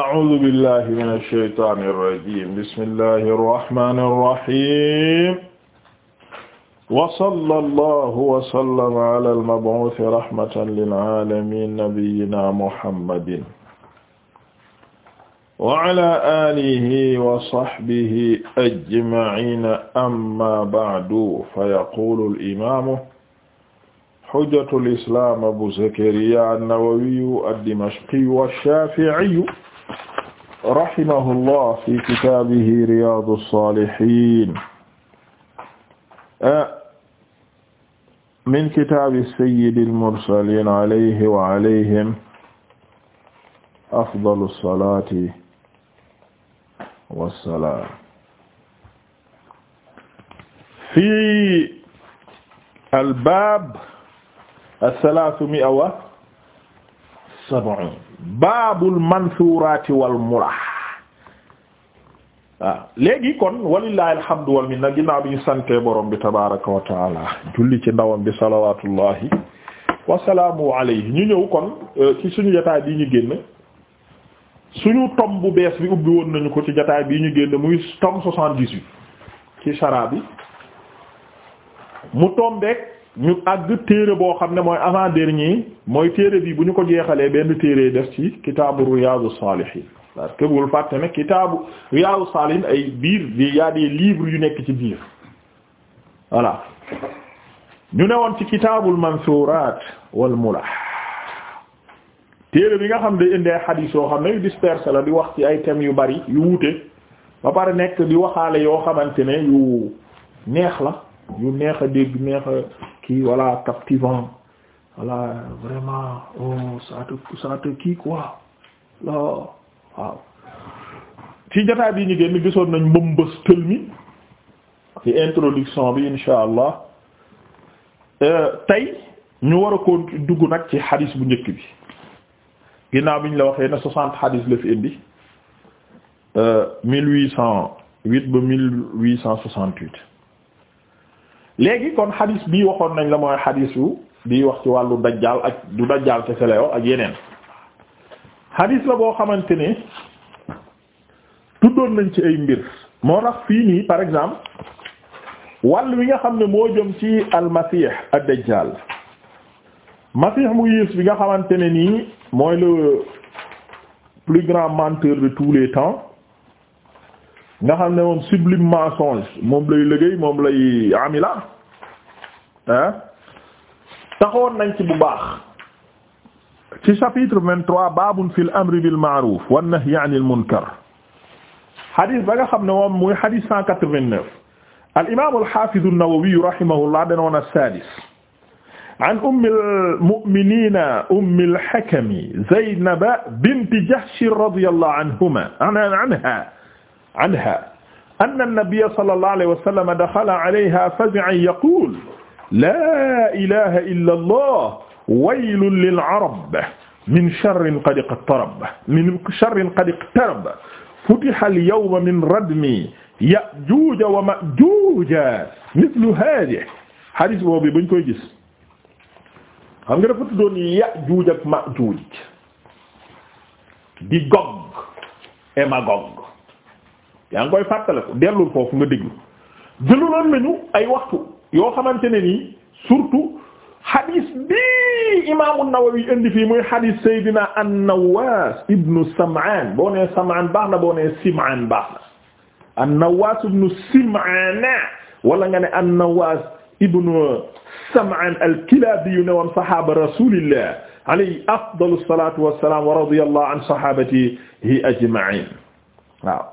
أعوذ بالله من الشيطان الرجيم بسم الله الرحمن الرحيم وصلى الله وسلم على المبعوث رحمة للعالمين نبينا محمد وعلى آله وصحبه أجمعين أما بعد فيقول الإمام حجة الإسلام أبو زكريا النووي الدمشقي والشافعي rahimahullah fi kitaabihi riyaadu saalihiin ah, min kitaabi sayyidil mursaliin alayhi wa alayhim afdalu salaati wa salaam fi albaab as-salaasu mi'a wa sab'un baabul mansuuraati wal mulah waaw léegi kon walillahi alhamdu wal nag ginnaaw bi ñu sante borom bi tabaaraka wa taala julli ci ndawam bi salawaatullahi wa salaamu ñu ñëw kon euh, ci suñu jotaay bi ñu génn suñu tom bu bees bi ubbi woon nañu ko ci jotaay bi ñu génn muy tom soixante-dix-huit ci shara bi mu tombeek ñu àgg téere boo xam ne mooy avant ñii mooy téere bi bu ñu ko jeexalee benn téere def ci kitaabu Riyadous Salihine parce que bul fàtte ne kitaabu Riyadous Salihine ay biir y a des yu nekk ci biir voilà ñu newoon ci kitaabul mansuuraat wal mulah téere bi nga xam day indi ay xadiis yoo xam ne yu dispersé la di wax ci ay thèmes yu bari yu wuute ba pare nekk di waxaale yoo xamante ne yu neex la yu neex a dégg neex a kii voilà captivant voilà vraiment oh ça te kii quoi la waaw ci jotaay bi ñu génn gisoon nañ mbëmbës tël mi ci introduction bi insha allah euh, tey ñu war a ko dugg nag ci xadis bu njëkk bi ginnaaw bi ñu la waxee na soixante xadis la fi indi euh, mille huit cent huit ba mille huit cent soixante huit léegi kon xadis bii waxoon nañ la mooy xadis yu bii wax ci wàllu dajjaal ak du dajjaal kese la yoo ak yeneen xadis la boo xamante ne tuddoon nañ ci ay mbir moo tax fii nii par exemple wàll wi nga xam ne moo jëm ci almasih ad dajjaal masih mu yiis bi nga xamante ne nii mooy le plus grand menteur de tous les temps nga xam ne moom sublime mensonge moom lay liggéey moom lay amila ah taxoon nañ ci bu baax ci chapitre vingt-trois babun fil amri bil ma'ruf wan nahyi anil munkar xadis ba nga xam ne moom muy xadis cent quatre-vingt-neuf al imam al hafiz an-Nawawi rahimahullah danoon as-sadis an ummi al-mu'minina ummi al-hakami Zaynab bint Jahsh radiyallahu anhuma anha anha anna nabiyya sallallahu alayhi wa sallam dakhala alayha fazi'an yaqulu laa ilaha illa allah waylun lil arab min sharrin qad iqtarab min sharrin qad iqtarab futiha al yawma min radmi ya'juuja wa ma'juuja mithlu haadihi hadis boobu bañ koy gis xam nga dafa tuddoon ya'juuj ak ma'juuj di Gog et Magog yaa ngi koy fàttaliku dellul foofu nga déglu jëluloon nañu ay waxtu yoo xamante ne nii surtout hadis bii imaamu Nawawi indi fii muy hadis Seydina An-Nawwas ibnu Sam'an boo nee Sam'an baax na boo nee Sim'an baax na An-Nawwas ibnu Sim'an wala nga ne An-Nawwas ibnu Sam'an al-Kilabi yu ne woon sahaaba rasulillah alayhi afdalu salatu wassalam wa radiyallahu an sahabatihi ajma'in waaw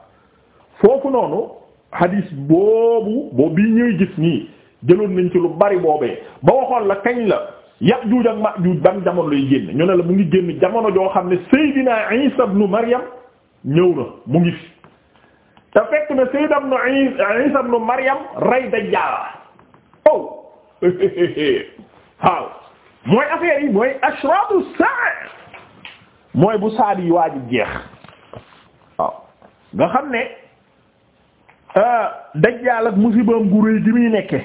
foofu noonu hadis boobu boobu bi ñuy gis nii jëloon nañ ci lu bari boobee ba waxoon la kañ la Yaajuuj ak Maajuuj ban jamono lay génn ñu ne la mu ngi génn jamono joo xam ne Seydina Isa ibnu ñëw na mu ngi fi te fekk na Seydina Isa ibnu Maryam rey Dajjaal oh waaw mooy affaire yi mooy ashratu saa mooy bu saa di waaj jeex waaw nga xam ne. Euh, dajjaal ak musibaam gu gi muy nekke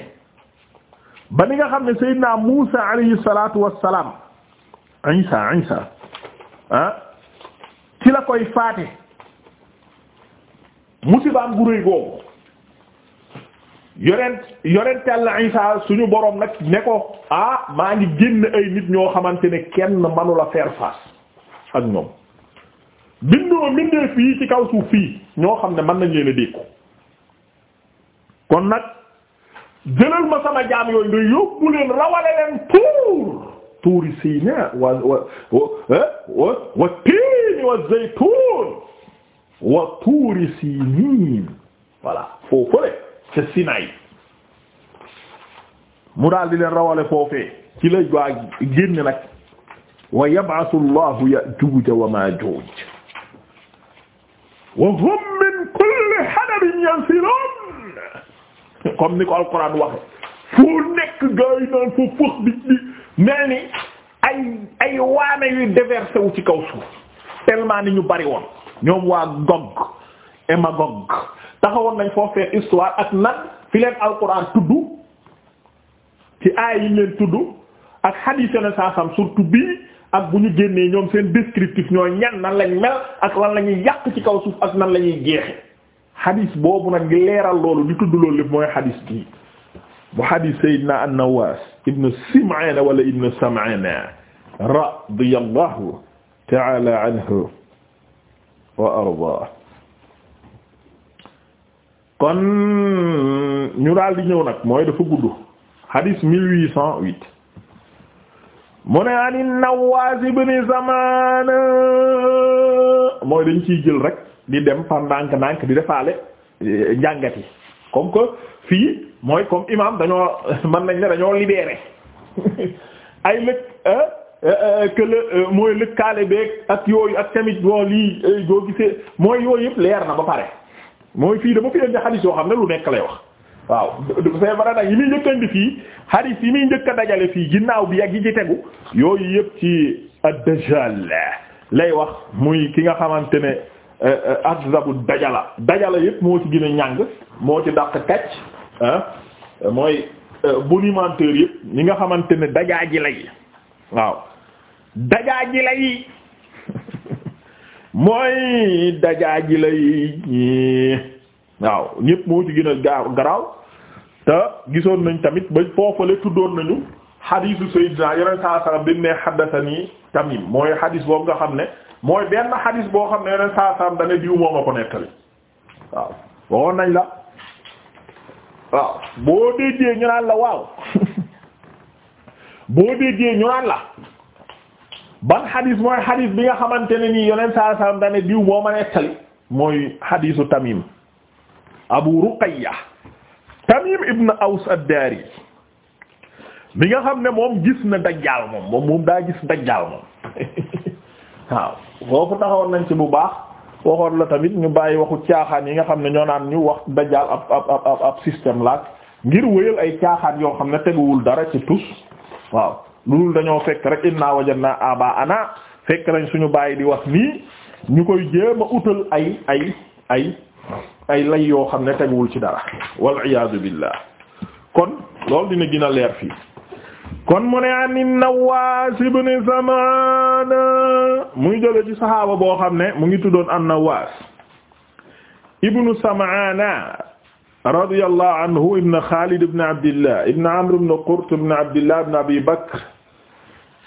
ba ni nga xam ne Seydina Muusa alayhi salaatu wassalaam Isa Isa ah ci la koy faate musibaam gu rëy googu yorent yorental la Isa suñu boroom nag ne ko ah maa ngi génn ay nit ñoo xamante ne kenn manula faire face ak ñoom bindoo mbindee fii ci kaw suuf fii ñoo xam ne man nañ leen a dékku kon nag jëlal ma sama jaam yooyu nga yóbbu leen rawale leen tuur tuuri Siinaa wa wa eh, wa wa tiini wa zaytuun wa tuuri siiniin voilà foofu le ca Sinaay mu daal di leen rawale foofee ci la jwa génn nag wa yab'athu Allahu Ya'juuj wa Ma'juuj wa hum min kulli hadabin yansiluun comme ni ko alquran waxe foo nekk gars yi naan foo fëx di mel ni ay ay waane yuy déversé wu ci kaw suuf tellement ni ñu bari woon ñoom waa Gog et taxawoon nañ foo fee histoire ak nan fi leen alquran tudd ci aay yi leen tudd ak hadith na saasam surtout bii ak bu ñu génnee ñoom seen descriptif ñoo ñan nan lañ mel ak lan la yàq ci kaw suuf ak nan lañuy ñuy jeexe xadis boobu nag ngi leeral loolu di tudd loolu lépp mooy xadis bu xadis Seydina An-Nawaas ibn Sim'aan wala ibn Sam'aan radiyallahu ta'ala anhu wa ardaa kon ñu daal di ñëw nag mooy dafa gudd xadis mille huit cent huit mu ne an An-Nawaas ibn Sam'aan mooy dañ ciy jël rek di dem par ndànk-ndànk di defaale eh, njàngat comme que fii mooy comme imam dañoo man nañ ne dañoo libéré ay lëkk eh, eh, que le mooy lëkkaale ak yooyu ak tamit bon lii boo gisee mooy yooyu yëpp leer na ba pare mooy fii dama fi yoo xam ne lu nekk lay wax waaw c'est vrai nag yi muy njëkk fii xadis yi muy njëkk a dajale fii ginnaaw bi ak yi ci tegu yooyu yëpp ci ad-Dajjal lay wax muy ki nga xamante ne Euh, euh, azzabu dajala dajala yëpp moo ci gën a ñàng moo ci dàq kàcc ah mooy euh, bonimenteur yëpp ñi nga xamante ne dajaa ji lay waaw dajaa ji lay mooy dajaa ji lay waaw ñëpp moo ci gën a gaaw garaaw te gisoon nañ tamit ba foofale tuddoon nañu xadiisu sayyidina yeneen saa sallam bi mu ne xaddasani tamim mooy xadiis boobu nga xam ne mooy benn xadis boo xam ne yeneen saa saam da diw moo ma ko nettali waaw nañ la waaw boo déggee ñu la waaw boo déggee ñu naan la ban xadis mooy xadis bi nga xamante ne nii yeneen saa saam da ne diw moo ma nettali mooy xadisu Tamim Abu Ruqayya Tamim ibn Aws ad bi nga xam ne moom gis na dajjaal moom moom moom daa gis dajjaal moom waaw foofu taxawoon nañ ci bu baax waxoon la tamit ñu bàyyi waxu caaxaan yi nga xam ne ñoo naan ñu wax dajaal ab ab ab ab système laaj ngir wëyal ay caaxaan yoo xam ne teguwul dara ci tus waaw loolu dañoo fekk rek naa inna wajadna aba ana fekk nañ suñu bàyyi di wax nii ñu koy jéem a utal ay ay ay lay yoo xam ne teguwul ci dara wal iyaadu billah kon loolu dina gën a leer fii kon mu ne an Nawaas ibn Samaan muy jële ci saxaaba boo xam ne mu ngi tuddoon an Nawaas ibn Samaan radiyallahu anhu ibn Xaalid ibn Abdillah ibn Amr ibn Qurt ibn Abdillah ibn Abi Bakr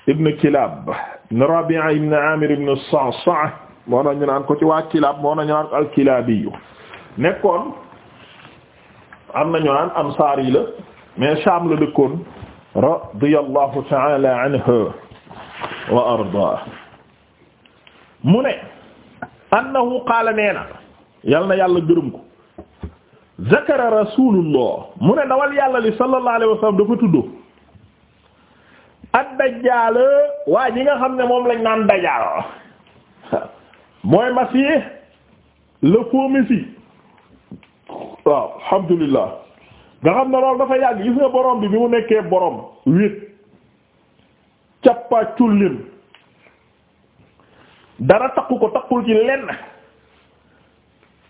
ibn Kilaab ibn Rabi'a ibn Aamir ibn Sa'sa'a moo nañu naan ko Kilaab moo nañu naan ko al-Kilaabi nekkoon am nañu naan ansaari la Shaam la dëkkoon radiyallahu ta'ala anhu wa arda mu ne annahu qaala nee na yal na yàlla gërëm ko zakara rasulullah mu ne dawal yàlla li sallallahu alayhi wa sallam dafa tudd ad-dajjaal waa ji nga xam ne moom lañ naan dajjaal mooy masih le faux messie waaw alhamdulillah nga xam ne loolu dafa yàgg gis nga borom bi bi mu nekkee boroom wét cappa cullim dara takku ko takkul ci lenn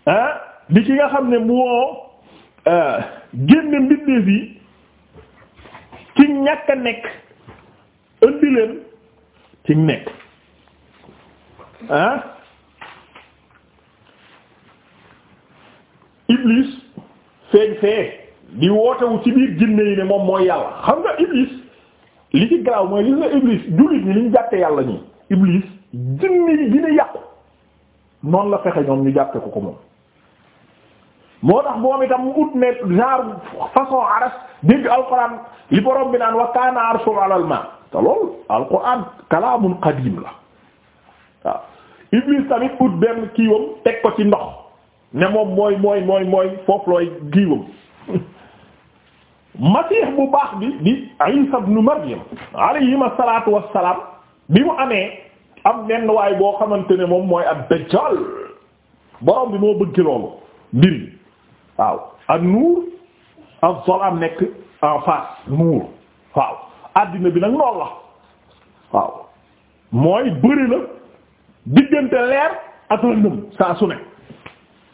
ah di ci nga xam ne moo euh, génne mbindeef yi ci ñàkk a nekk indi ci nekk ah Iblis feeñ fee di wootewu ci biir jinne yi ne moom mooy yàlla xam nga iblis li ci garaaw mooy li nga iblis jullit ñi li ñu jàppe yàlla ñi iblis jinne yi dina yàqu noonu la fexe ñoom ñu jàppe ko ko moom moo tax moom itam ut ne genre façon aras dégg alquran li borom bi naan wa kaana arsul alal ma te loolu alquran kalaamun qadim la waaw tamit ut benn kiiwam teg ko ci ndox ne moom mooy mooy mooy mooy foofu looy kiiwam masiix bu baax bi di Isa ibn Maryam alayhim asalaatu wassalaam bi mu amee ab benn waay boo xamante ne moom mooy ab dajjal borom bi moo bëgg loolu mbir waaw ak nuur ak zolaam nekk en face nuur waaw addina bi nag loolu la waaw mooy bëri la diggante leer ak lëndëm saa su ne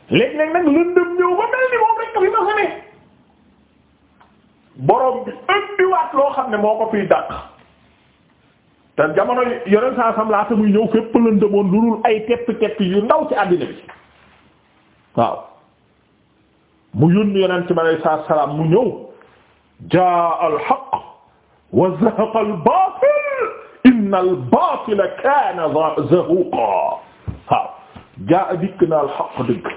lëndëm ñëw ba mel ni moom rek ka ma xamee borom bi ëndiwaat loo xam ne moo ko fiy dàq te jamono yoneen saa sam laata muy ñëw fépp lëndëmoon lu ay tepp tepp yu ndaw ci àddina bi waaw mu yónni yonent bi alayhi salaatu wa salaam mu ñëw jaa al-haqq wa zahaqa al-baatil inna al-baatila kaana zahuuqa waaw jaa dikk na al-haqq dëgg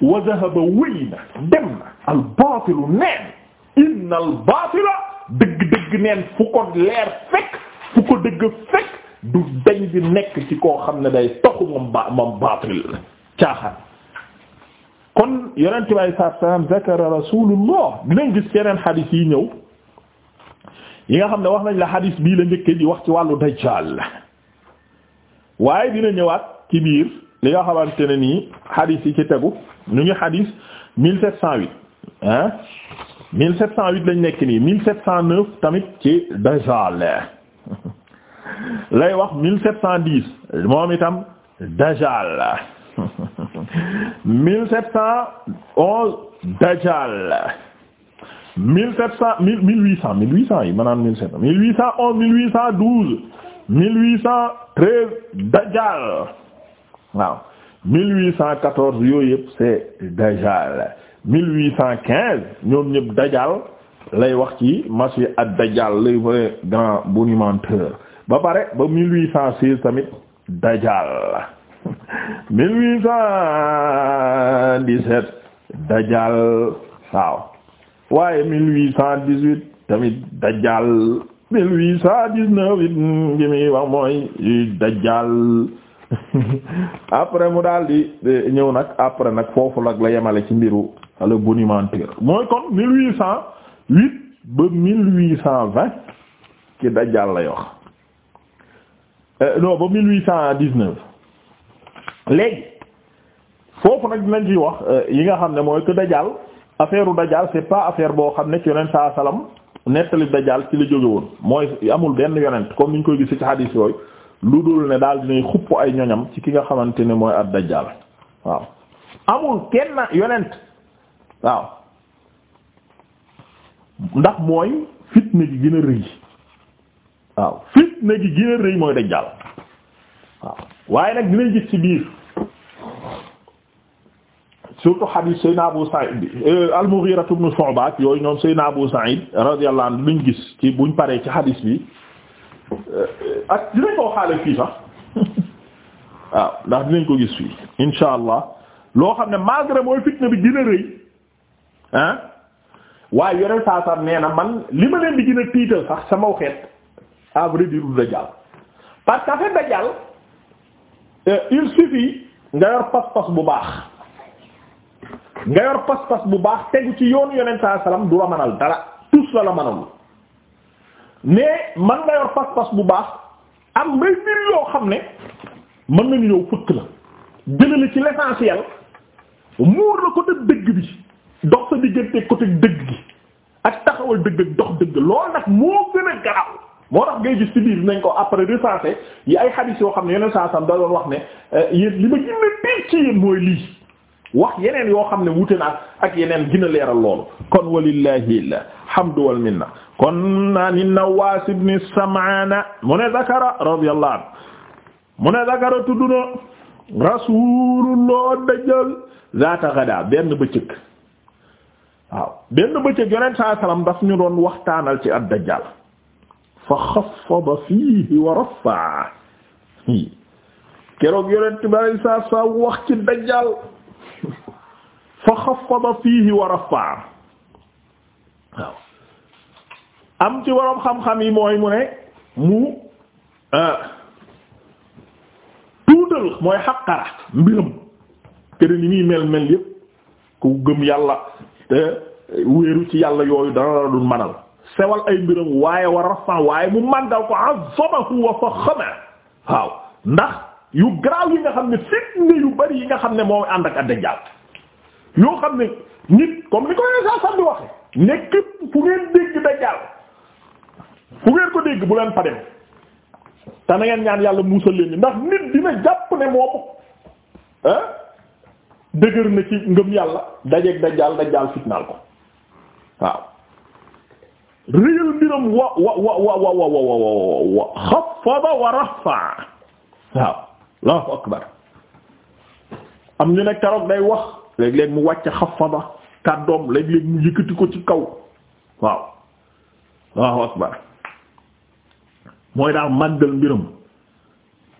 wa dhahaba wéy na dem na al baatilu neen inna al baatila dëgg-dëgg neen fu ko leer fekk fu ko dëgg fekk du dañ di nekk ci koo xam ne day toxu moom baatil caaxaan kon yonente bi alei salaatu salaam dinañ gis yeneen xadis yi ñëw yi nga xam ne wax nañ la xadis bii la njëkke di wax ci wàllu dajjal waaye dina ñëwaat ci biir li nga xamante ne nii hadith yi ci tegu ñu ngi hadith mille sept cent huit ah mille sept cent huit lañ nekk nii mille sept cent neuf tamit ci Dajjal lay wax mil sept cent dix moom itam Dajjal mille sept cent onze Dajjal mille sept cent mille mille huit cent mille huit cent yi maanaam mille sept cent mille huit cent onze mille huit cent douze mille huit cent treize Dajjal waaw 1814 yooyu yëpp c'est dajal 1815 ñoom ñëpp dajal lay wax ci Masih ad-Dajjal le vrai grand bonimenteur ba pare ba 1816 tamit dajal 1817 dajal waaw waaye 1818 tamit dajal 1819 it ngi muy wax mooy dajal après mu daal di ñëw nag après nag foofu nag la yemale ci mbiru le bonimenteur mooy kon mille huit cent huit ba mille huit cent vingt ci dajjal lay wax eh, non ba mil huit cent dix-neuf léegi foofu nag dinañ ci wax eh, yi nga xam ne mooy que dajaal affaire dajaal dajjal c'est pas affaire boo xam ne ci yonent saa salaam nettali dajjal ci la jóge woon mooy amul benn yonent comme niñ koy gis ci hadith yooyu lu dul ne daal dinay xupp ay ñoñam ci ki nga xamante ne mooy ad dajjal waaw amul kenn yonent waaw ndax mooy fitna gi gën rëy waaw fitna gi gën a rëy mooy dajjal waaw waaye nag dinañ gis ci biir surtout hadith Seydina Abu Sa'id euh, al-Mughira ibn Shu'ba yooyu ñoom Seydina Abu Sa'id radiyallahu anhu luñ gis ci buñ paree ci hadith bi Euh, ak dinañ koo xaale fii sax waaw ndax dinañ ko gis fii insha allah loo xam ne malgré mooy fitna bi dina rëy ah waaye yore saa saa nee na man li ma leen di gën a tiital sax sama xeet à vrai dire dajal parce que affaire dajal euh, il suffit nga yor pas-pas bu baax nga yor pas-pas bu baax tegu ci yoon yonent saa salaam du la mënal dara tous la la mënal. mais man nga yor pas-pas bu baax am ngay mbir yoo xam ne mën nañu ñëw fëkk la jëlale ci l'essentiel muur la côté dëgg bi dox sa diggante côté dëgg gi ak taxawal dëgg ak dox dëgg loolu nag moo gën a garaaw moo tax ngay gis ci biir nañ ko après recensé yi ay hadith yoo xam ne yeneen saa sam da doon wax ne eh, yéen li ma gën a biir ci yéen mooy lii wax yeneen yoo xam ne wute na ak yeneen gën a leeral loolu kon walillahi alhamdu wal minna kon naan an-Nawwas ibn Sam'an mu ne zakara radiyallahu anhu mu ne zakara tudd na rasulullah dajjal zaata gada benn bëccëg waaw benn bëccëg yonent saa salaam daf ñu doon waxtaanal ci ad-dajjal fa xafada fiihi wa rafa'a keroog yonent bi saa saa wax ci dajjal fa xafada fiihi wa rafa'a waaw am ci waroom xam-xam yi mooy mu ne mu euh, tuutal mooy xaqara mbiram kër ni muy mel mel yépp ku gëm yàlla te wéeru ci yàlla yooyu dana la dul manal sewal ay mbiram waaye wa rafa waaye mu màndal ko azamahu wa faxama waaw ndax yu garaaw yi nga xam ne fitna yu bari yi nga xam ne moo ànd ak ad-Dajjal yoo xam ne nit comme ni ko saa sànni waxee nekk fu ngeen dégg Dajjal fu ngeen ko dégg bu leen fa dem te na ñaan yàlla muusal leen ndax nit dina jàpp ne moom dëgër na ci ngëm yàlla dajeeg Dajjal Dajjal fitnaal ko waaw. réyal mbiram wa wa wa wa wa wa wa wa xafada wa rafa waaw. Allahu akbar am ñu ne keroog day wax léeg-léeg mu wàcc xafada kàddoom léeg-léeg mu yëkkati ko ci kaw waaw Allahu akbar mooy daal màggal mbiram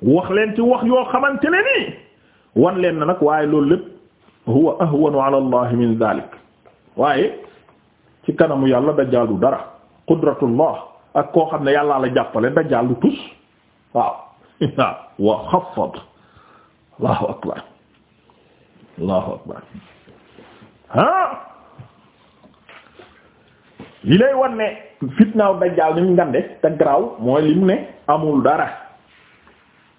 wax leen ci wax yoo xamante ne leen na nag waaye loolu lépp huwa ahwanu ala allah min dalik waaye ci kanamu yàlla dajaalu dara qudratullah ak koo xam ne yàllaa la jàppale dajaalu tus waaw waaw wa xafad allahu akbar allahu akbar ah li lay wan ne fitnaaw dajjaal ni mu ngande te garaaw mooy lim ne amul dara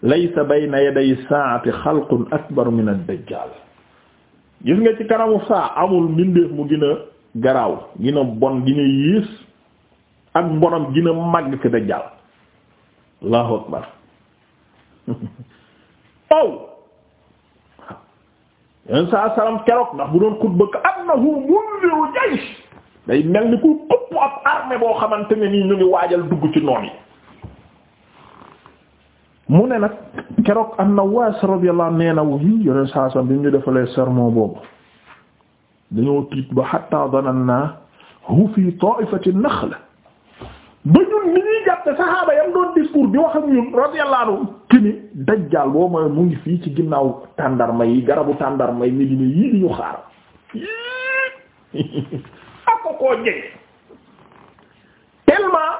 laysa bayna yaday saati xalqun akbar min ad-dajjaal gis nga ci kanamu saa amul mbindeef mu gën a garaaw gën a bon gën a yiis ak mbonam gën a màgg ci dajjaal allahu akbar aw yenn saa salaam keroog ndax bu doon xutba ka annahu mundiru jaysh day mel ni ku ëpp ab armée boo xamante ne nii ñu ngi waajal dugg ci noon yi mu ne nag keroog an-Nawwas radiyallahu nee na wi yeneen saa salaam bi ñu defalee sermon boobu dañoo tiit ba hatta dhananna hu fi ta'ifati an-nakhla ba ñun ni ñuy jàpp saxaaba yam doon discours di wax ak ñun radiyallahu anhu këni dajjaal boo mooy mu ngi fii ci ginnaaw tàndarma yi garabu tàndarma yi Medina yii di ñu xaar ak ko koo jege tellement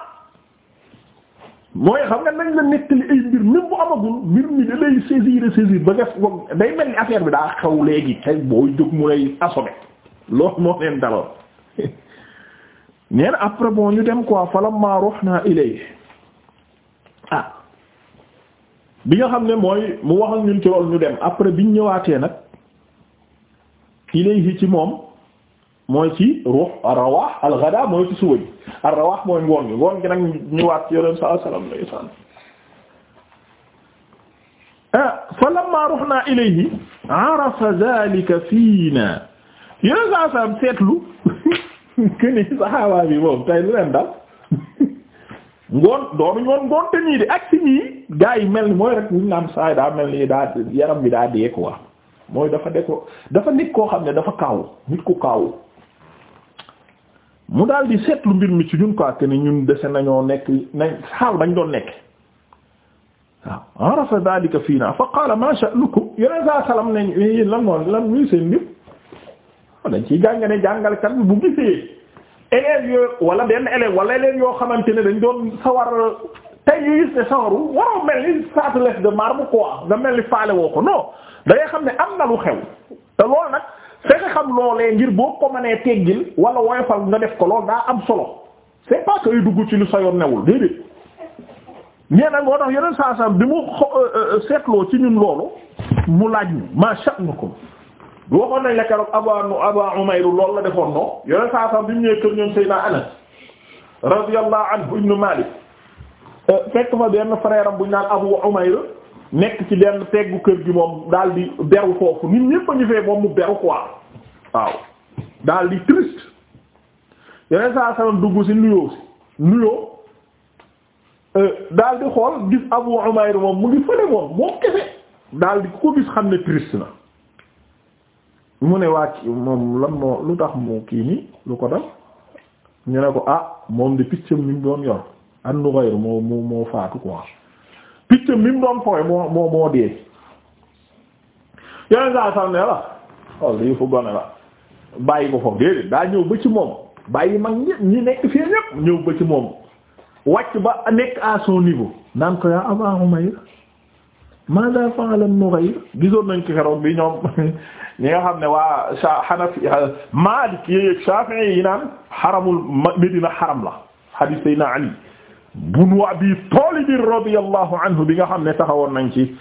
mooy xam nga nañ la nettali ay mbir même bu amagul mbir mi da lay saisir saisir ba day mel ni affaire bi daa xaw léegi tey booy jóg mu lay assommé loolu moo leen daloon neen après bon ñu dem quoi falamma ruhna ilayhi bi nga xam ne mooy mu wax ñun ci loolu ñu dem après ñu ñëwaatee nag ilayhi ci moom mooy ci ruux ar-rawaax mooy ci suba ji ar mooy ngoon gi ngoon gi nag ñëwaat ci yoneen saa salaam lay sànni. ah fa lammaa ruhnaa ilayhi arafa fiinaa yoneen saa salaam seetlu que ni saxaaba bi moom tey lu leen dal. ngoon doonu ñoon ngoon te ñii de ak si ñii gaa yi mel ni mooy rek ñu naan saay daa mel ni daa yaram bi daa dee quoi mooy dafa de dafa nit koo xam ne dafa kaawu nit ku kaawu mu daal di seetlu mbir mi ci ñun quoi que ni ñun dese nañoo nekk nañ xaal bañ doon nekk waaw arafa dhalika fii naa fa qaala ma sha'nukum yeneen saa salam ne eh, lan moo lan muy seen mbir dañ ciy jàngale jàngalkat bi bu gisee élèves yooyu wala benn élève wala élèves yoo xamante ne dañ doon sawar tey yu gis ne sawaru waroo mel ni satles de mar ko am nga mel ni faale woo ko non dangay xam ne am na lu xew te loolu nag fexe xam loolee ngir boo ko mënee teggil wala woyofal nga def ko loolu daa am solo c'est pas que yu dugg ci lu sa yoon newul déedéet ñee nag moo tax yeneen saa saa bi mu euh, euh, seetloo ci ñun loolu mu laaj ñu ma ko du waxoon nañ la keroog Abaa Abaa Umayr loolu la defoon non yoneen saa sax bi mu ñëwee kër ñoom Seydina Anas radiyallahu anhu ibnu Maalik euh, fekk fa benn frère am bu ñu naan Abu Umayr nekk ci benn teggu kër gi moom daal di beru foofu nit ñépp a ñu fee moom mu beru quoi waaw daal di triste yeneen saa salam dugg si nuyoo si nuyoo euh, daal di xool gis Abu Umayr moom mu ngi fële moom moom kese daal di ku ko gis xam ne triste na mu ne wàcc kii moom lan moo lu tax mu kii nii lu ko dal ñu ne ko ah moom de piccam mi mu doon yor an nu xayru moo moo moo faatu quoi piccam mi mu doon fooy moo moo dee yeneen saa sax ne la walla lii fu gone la bàyyi ko foofu déedéet daa ñëw ba ci moom bàyyi mag ñëpp ñi nekk fii ñëpp ñëw ba ci moom wàcc ba nekk à son niveau naan ko yaa Abaa Umayr maada fa'ala Nughayr gisoon nañ ko keroog bi ñoom ñi nga xam ne waa sa Hanafi euh, Maalik yeeg Shaafi'i yi naan xaramul Medina xaram la hadith Sayyidina Ali ibn Abi Taalib radiyallahu anhu bi nga xam ne taxawoon nañ ci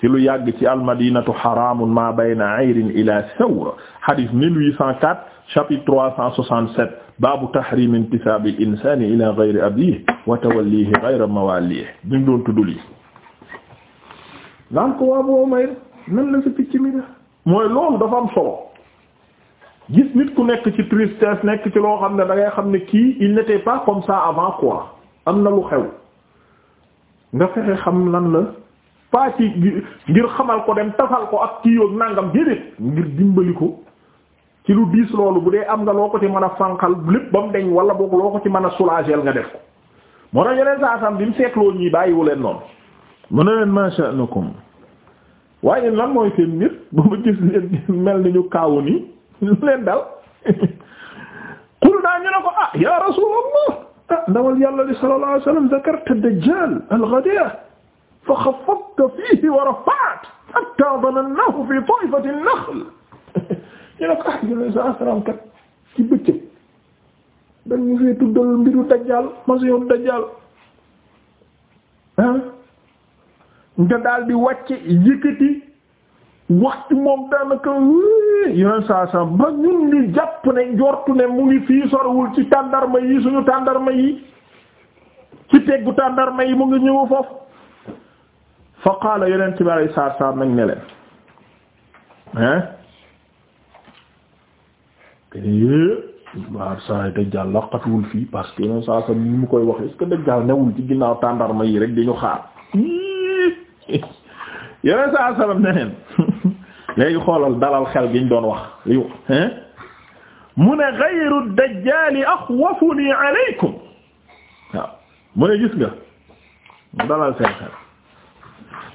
ci lu yàgg ci al-Madinatu xaramun ma bayna 'ayrin ila thawr hadith 1804 chapitre 367 baabu tahrim intisaabi al-insaani ila ghayri abiihi wa tawallihi ghayra mawaalih ñu doon tudd lii naan ko waa boo may nan la sa picc mi def mooy loolu dafa am solo gis nit ku nekk ci tristesse nekk ci loo xam ne da ngay xam ne kii il n'était pas comme ça avant quoi am na lu xew nga fexe xam lan la pas ci ngir xamal ko dem tafal ko ak kii yoog nangam déedéet ngir dimbali ko ci lu diis loolu bu dee am nga loo ko ci mën a fanqal lépp ba mu deñ wala boog ko ci mën a soulager nga def ko moo tax yeneen saa sam bi mu seetloo ñii bàyyiwu leen noonu mu ne leen ma sha'nukum waaye lan mooy seen mbir ba ma gis leen mel ni ñu kaawu nii lu leen dal qul naa ñu ne ko ah ya rasulallah ah ndawal yàlla li sallallahu alayhi wasallam zakarta dajjal al-ghadiya fa xafadta fiihi wa rafa'ta hatta dhanannahu fi ta'ifati an-nakhl ñu ne ko ah jële sa asram kat ci bëccëg dañ ñu fee tuddal mbiru dajjal masu yoon dajjal ah nga daal di wàcc yëkkati wax ci moom daanaka yeneen saa saa ba ñun ñu jàpp ne njortu ne mu ngi fii sorowul ci tàndarma yi suñu tàndarma yi ci teggu tàndarma yi mu ngi ñëw foofu fa qaala yeneen ci bari saa saa nag ne leen hein waar saa yi dajjaal laqatuwul fii parce que yeneen saa saa ni mu koy wax est-ce que newul ci ginnaaw tàndarma yi rek di xaar yeneen saa salaam neneen léegi xoolal dalal xel giñ doon wax yow mu ne ghayru dajjaali axwafuni alaykum waaw mu ne gis nga mu dalal seen xel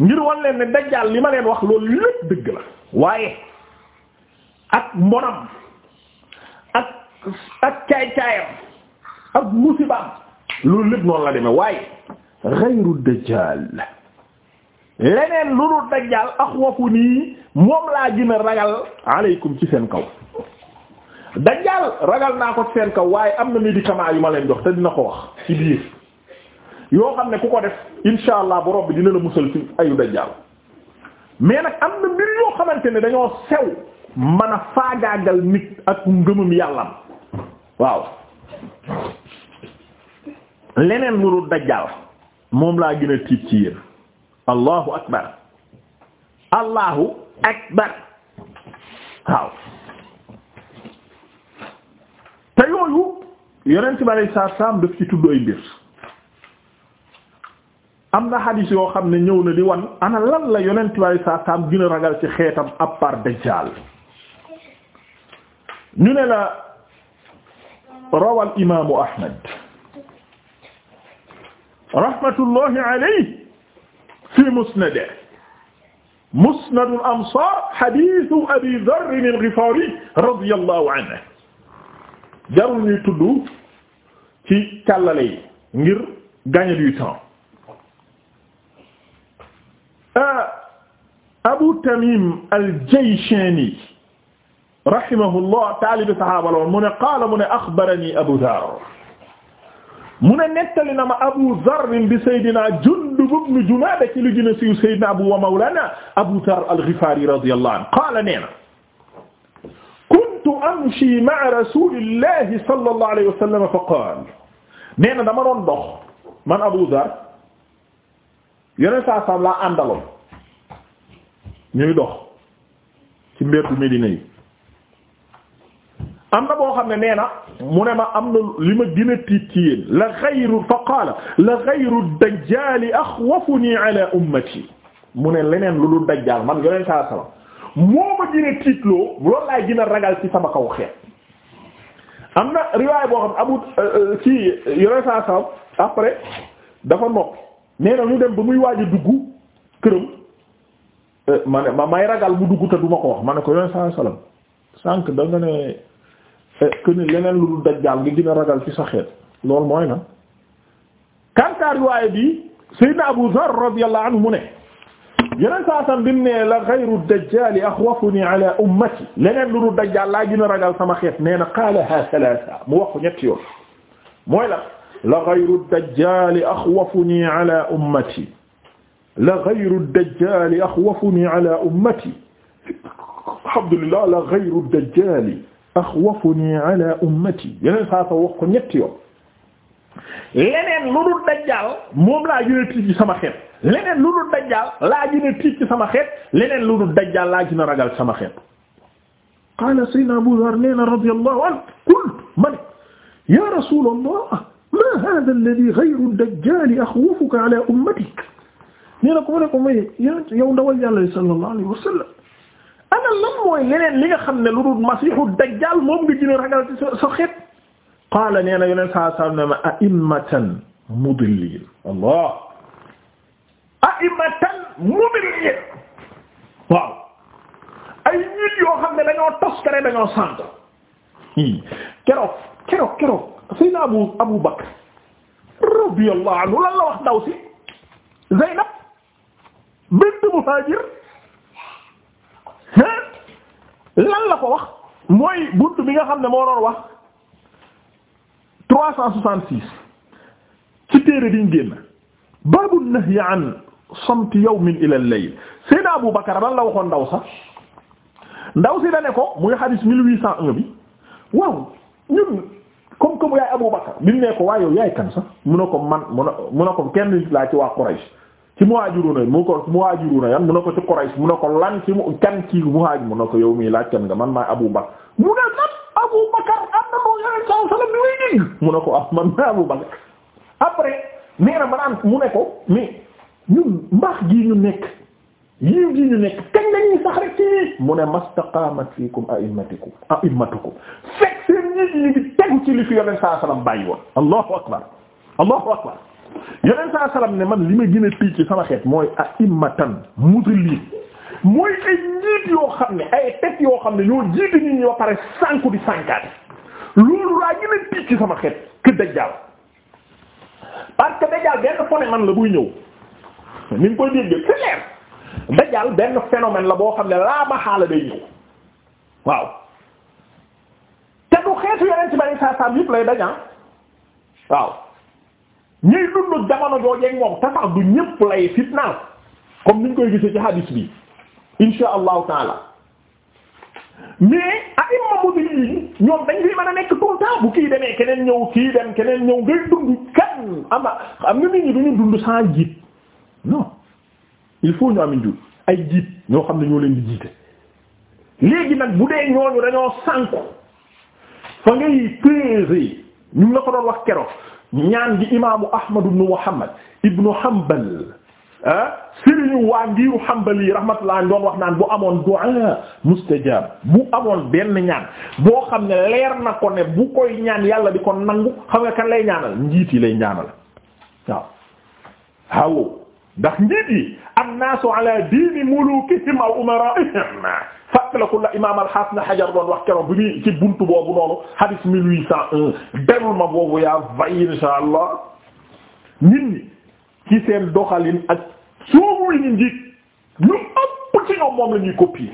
ngir wan leen ne dajjaal li ma leen wax loolu lépp dëgg la waaye ak mbonam ak ak caay-caayam ak musibaam loolu lépp noonu la demee waaye ghayru dajjaal leneen lu dul dajjaal axwafu nii moom laa gën a ragal aleykum ci seen kaw dajjaal ragal naa ko ci seen kaw waaye am na médicament yu ma leen jox te dina ko wax ci biir yoo xam ne ku ko def insha allah borom bi dina la musal ci ayu dajjaal mais nag am na mbir yoo xamante ne dañoo sew mën a faagaagal nit ak ngëmam yàllam waaw leneen lu dul dajjaal moom laa gën a tiit ci yéen allahu akbar allahu akbar waaw te yooyu yonent bi alayhi salaatu ci tudd ay mbir am na xadiis yoo xam ne ñëw na di wan ana lan la yonent bi alayhi salaatu salaam gën ragal ci xeetam à part dajjaal ñu ne la rawal imaamu Ahmad rahmatullahi alayhi fi musnadihi musnadul amsaar hadiisu Abii Zarr al-Ghifaari radiyallahu anhu jarul ñuy tudd ci càllale yi ngir gagner du temps ah, Abu Tamim al-Jayshani rahimahullah taalibi sahaaba la woon mu ne qaala mu ne axbarani Abu Zarr mu ne nettali na ma Abu Zarr bi Seydina Jund ibn Junaada ci lu gën a siiw Seydina Abu wa Mawlana Abu Dharr al-Ghifari radiyallahu anhu qaala nee na kuntu amshi ma'a rasulillahi sallallahu alayhi wa sallam fa qaala nee na dama doon dox man Abu Dharr yeneen saa saam laa àndaloon ñuy dox ci mbeddu Medina yi am na boo xam ne nee na mu ne ma am na li ma gën a tiit la xayru fa qaala la xayru dajjaali axwafuni ala ummati mu ne leneen lu dul dajjaal man yoneen saa salaam moo ma gën a tiitloo loolu laay gën ragal ci sama kaw xeet am na riwaay boo xam abu euh, euh, ci yoneen saa salaam après dafa noppi nee na dem ba muy waaj a këram euh, ma ne ma may ragal mu dugg te du ko wax ma ne ko yoneen saa salaam sànq da ne. Eh, que ni leneen lu dul dajjaal nga gën a ragal ci sa xeet loolu mooy na kantaar riwaaya bi Seydina Abu Dharr radiyallahu anhu mu ne yeneen saa sam bi mu ne la ghayru dajjaal akhwafuni ala ummati leneen lu dul dajjaal laa gën a ragal sama xeet nee na qaalaha thalatha mu wax ko ñetti yoon mooy la la ghayru dajjaal akhwafuni ala ummati la ghayru dajjaal akhwafuni ala ummati alhamdulillah la ghayru dajjaal axwafuni ala ummati yeneen saa sa wax ko ñetti yoon leneen lu dul dajjaal moom laa gën a tiit ci sama xeet leneen lu dul dajjaal laa gën a tiit ci sama xeet leneen lu dul dajjaal laa gën a ragal sama xeet qaala sayyidunaa Abuu Zarr nee na radiyallaahu anhu qultu ma ne yaa rasuulallaah maa haazaa alladii ghayru dajjaal axwafuka alaa ummatik nee na ko ma ne ko may yow ndawal yàlla sallallaahu alayhi wa sallam ana lan mooy li nga xam ne lu dul masiixu dajjaal moom nga gën a ragal ci sa xeet qaala nee na yeneen saa saa ne ma a'immatan mudillin allah a'immatan mudillin waaw ay nit yoo xam ne dañoo toskare dañoo sànk keroog abu bakr radiyallahu anhu lan la wax ndaw si Zaynab lan la ko wax mooy buntu bi nga xam ne moo doon wax trois cent soixante-six ci téere diñ génn baabu nahyi an samti yawmin ila al-layl Seydina Abu Bakar lan la waxoon ndaw sax ndaw si da ne ko muy xadis mille huit cent un bi waaw ñun comme comme yaay Abu Bakar bi mu ko waaye yow yaay kan sax mun a ko man mu ne ko kenn laa ci waa Quraysh ci muhajiruna mu ko muhajiruna yan mu ne ko ci Quraysh mu ne ko lan ci mu kan ci muhajir mu ne ko yow mii laaj kan man maay Abu Bakr mu ne lan Abu Bakr am na moo yore saa salaam bi muy ko ah man maay Abu Bakr après nee na ma naan mu ne ko mais ñun mbaax gii ñu nekk yiw gii ñu nekk kañ la sax rek ci mu ne mastaqaamat fiikum a'immatukum a'immatukum fekk seen nit ñi di tegu ci li fi yore saa salaam bàyyi woon allahu akbar allahu akbar yeneen saa salaam ne man li ma gën a tiit ci sama xeet mooy a'immatan mudillin mooy ay njiit yoo xam ne ay teg yoo xam ne ñoo jiite nit ñi pare sànku di sànkaate loolu laa gën a tiit ci sama xeet que dajjaal parce que dajjaal benn phénomène la buy ñëw ni nga koy dégg c'est clair benn phénomène la boo xam ne laa ba xaala day ñëw waaw te du xeetu yeneen ci bari saa saam yëpp lay dañaa waaw ñuy dund jamono joojeeg moom te sax du ñépp lay fitnaal comme niñ koy gisee ci hadis bi insha allahu taala mais a'imma mudillin ñoom dañ fi mën a nekk tout le bu kii demee keneen ñëw kii dem keneen ñëw ngay dund kan ama am nga nit ñi duñu dund sans jiit non il faut ñu am i jiit ay jiit ñoo xam ne ñoo leen di jiite léegi nag bu dee ñooñu dañoo sànku fa ngay peser ñu ngi la ko doon wax keroog. ñaan gi imaamu Ahmad ibn Muhammad ibn Hanbal ah sëriñu waa ngiiru Hanbal yi rahmatullah doon wax naan bu amoon du'a mustajab bu amoon benn ñaan boo xam ne leer na ko ne bu koy ñaan yàlla di ko nangu xam nga kan lay ñaanal njiit yi lay ñaanal waaw waaw ndax njiit yi annaasu ala diini mulukihim aw umaraihim fàttaliku la imaam al-Hasan na Hajar doon wax keroog bi muy ci buntu boobu noonu hadith 1801 dellu ma boobu yaa vay insha allah nit ñi seen doxalin ak soobu ñu njiit ñu ëpp ci ñoom moom la ñuy copier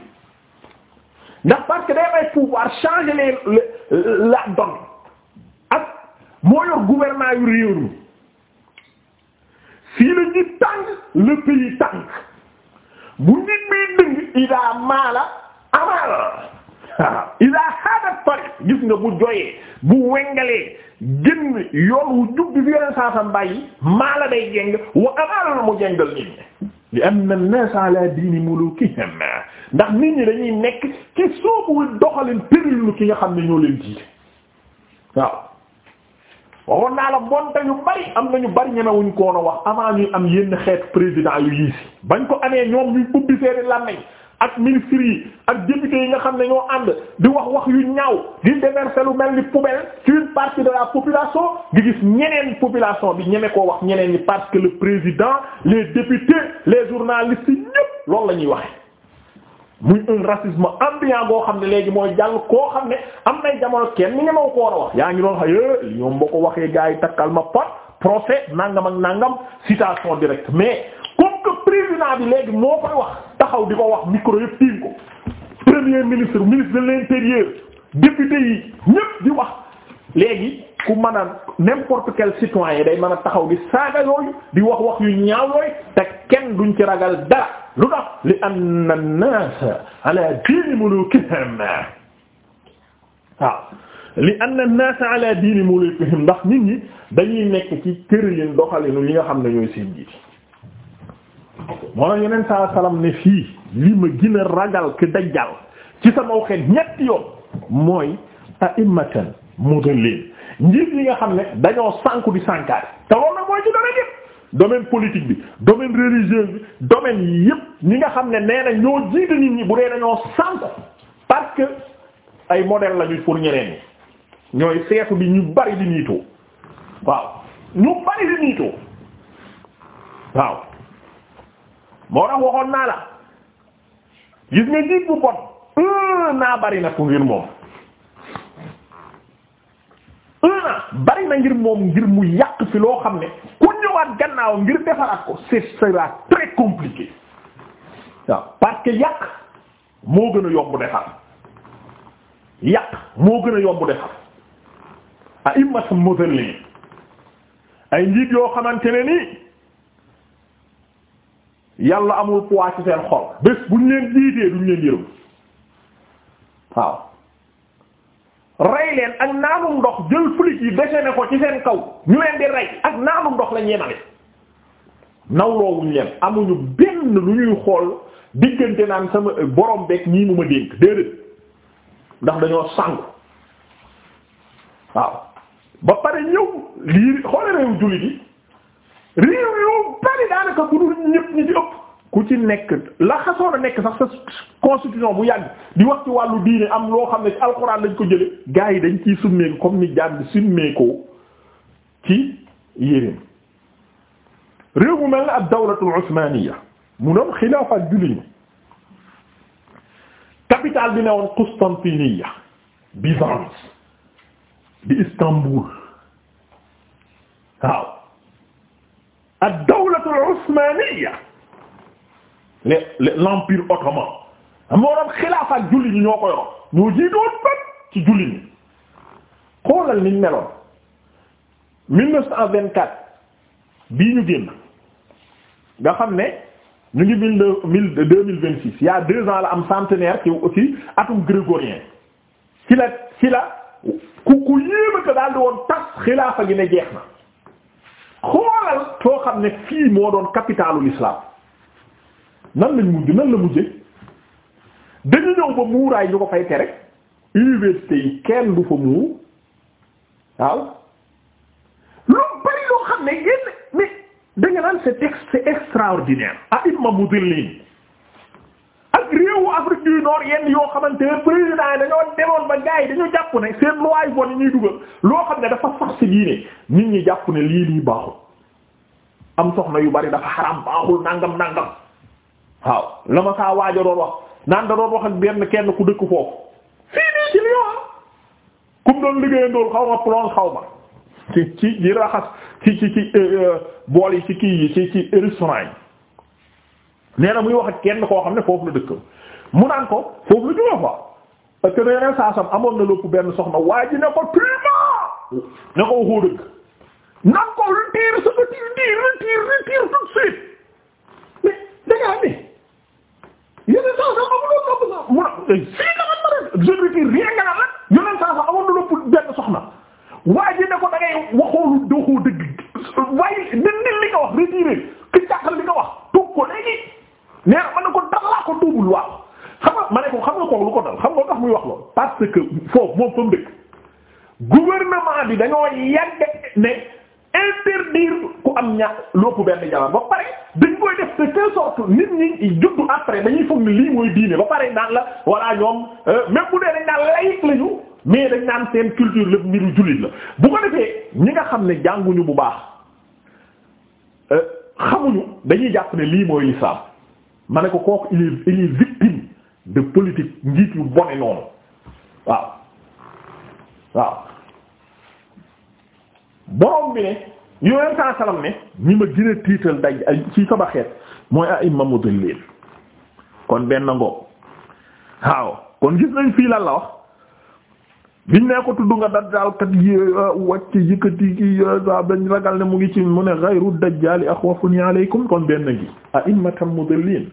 ndax parce que day may pouvoir changer les la donne ak moo yor yu réew mi fii la ñuy tànk le pays tànk bu nit muy dëng idaa maala amal ila hada tariq gis nga bu joyee bu wengalee génn yoon wu jub bi fi yoneen saasam bàyyi maa la day jéng wa amal mu jéngal nit ñi li anna an-nas ala diini mulukihim ndax nit ñi dañuy nekk ci soobu doxalin péril ki nga xam ne ñoo leen jiite waaw waxoon naa la bonte yu bari am na ñu bari ñemewuñ koon wax avant ñuy am yenn xeet président yu yiisi bañ ko amee ñoom ñuy ubbi seeni làmmiñ ak ministres yi ak députés yi nga xam ne ñoo ànd di wax wax yu ñaaw di déverser lu mel ni poubelle ci une de la population di gis ñeneen population bi ñeme koo wax ñeneen yi parce que le président les députés les journalistes ñëpp loolu la ñuy waxee. muy un racisme ambiant boo xam ne léegi mooy jàll koo xam ne am nay jamono kenn ni nga ma ko war a wax yaa ngi doon xëy li eh, ñoom boo ko waxee gars yi takkal ma pot procès nangam ak nàngam citation directe mais comme que léegi moo koy wax. taxaw di ko wax micro yëpp tiim ko premier ministre ministre de l'intérieur député yi ñëpp di wax léegi ku mën a n'importe quel citoyen day man a taxaw di saaga yooyu di wax wax yu ñaaw yooyu te kenn duñ ci ragal dara lu tax li anna an-nas ala diini mulukihim waaw li anna an-nas ala diini mulukihim ndax nit ñi dañuy nekk ci tëralin doxalinu li nga xam ne ñooy seen jiiti moo tax yeneen saa salaam ne fii li ma gën a ragal ki dajjal ci sama xel ñetti yoon mooy a'immatan mudallin njiit yi nga xam ne dañoo sànku di sànkaat te loolu nag mooy ci domaine yëpp domaine politique bi domaine religieux bi domaine yi yëpp ñi nga xam ne nee na ñoo jiite nit ñi bu dee dañoo sànku parce que ay modèle lañu pour ñeneen ñooy seetu bi ñu bari di niitoo waaw ñu bari di niitoo waaw moo tax waxoon naa la gis nga njiit bu bon un bari na ko ngir moom na ngir moom ngir mu yàq fi loo xam ne ku ñëwaat gannaaw ngir defaraat ko c'est sera très compliqué parce que yàq moo gën a yomb defar yàq moo gën a yomb defar a immatul mosal ay njiit yoo xamante ne nii. yàlla amul poids ci seen xol bés buñ leen jiitee duñ leen yërëm waaw rey leen ak naanum ndox jël flic yi déchaîné ko ci seen kaw ñu leen di rey ak naanum ndox la ñeemale nawloowuñ leen amuñu benn lu ñuy xool diggante naan sama boroom beeg ñii mu ma dénk déedéet ndax dañoo sangu waaw ba pare ñëw lii xoole réew jullit yi réew yu bari daanaka bu dul ñëpp ñi ci ëpp ku ci nekk la xasoon a nekk sax sa constitution bu yàgg di wax ci wàllu diine am loo xam ne ci alxuraan lañ ko jële gars yi dañ ciy summeeku comme ni jaan bi ci yéreem réew mu mel na ab dawlatul usmaniya mu doon xilaafaat julli ñi capitale bi ne woon Constantiniya Byzance di Istanbul waaw ad-dawlatul usmaniyya le l'empire ottoman moo doon xilaaf ak julli ñi ñoo ko yoroon ñoo jiitoon pat ci julli ñi xoolal niñ meloon 1924 bii ñu génn nga xam ne ñu ngi mille mille deux mille vingt six y'a deux ans la am centenaire ci ci atum grégorien ci la ci la ku ku yéeme daal di woon tas xilaafa gi ne jeex na. xoolal foo xam ne fii moo doon capitalu l'islam nan lañ mujj nan la mujje dañu ñëw ba muuraay ñu ko fay tere université yi kenn du fa muur waaw lu bari loo xam ne yénn mais da nga naan c'est extraordinaire a imma mudillin réewu Afrique yoo xamante ne président yi dañoo demoon ba gars yi dañoo jàpp ne seen loi yu bon yi ñuy dugal loo xam ne dafa sax si diine nit ñi jàpp ne lii lii baaxul am soxna yu bari dafa xaram baaxul nangam nangam waaw la ma saa waaja doon wax ak benn kenn ku dëkk foofu fii nii ci Lyon ah ku mu liggéeyandool xaw ma plonge xaw ma ci ci di raxas ci euh, euh, bool yi ci kii yi ci ci restaurant yi nee muy wax ak kenn koo xam ne foofu la dëkk mu naan ko foofu la jógee quoi parce que nee saasam amoon na lépp benn soxna waa ne ko tuuma ne ko waxoo dëgg naan ko retire sa petit retire retire retire tout ni yeneen xam ne je saasam amoon na lépp benn soxna waa ji ne ko da ngay lopp benn jabar ba pare dañ koy def de telle sorte nit ñi juddu après dañuy foog ni lii mooy diine ba pare naan la walla ñoom euh, même bu dee dañ naan laïc lañu mais dañ naan seen culture lépp mbiru jullit la bu ko defee ñi nga xam ne jànguñu bu baax euh, xamuñu dañuy jàpp ne lii mooy l'islam ma ne ko kooku il est il est victime njiit yu bone noonu waaw waaw borom bi ne. yooyu saa salaam ne ñi ma gën tiital daj ci sama xeet mooy a'imma mudillin kon benn ngoog waaw kon gis nañ fii lan la wax biñ ne ko tudd nga dajjaal kat yi euh, wàcc yëkkati ki euh, sa bañ ragal ne mu ngi ci mu ne ghayru dajjali akhwafuni alaykum kon benn ngi a'immatam mudillin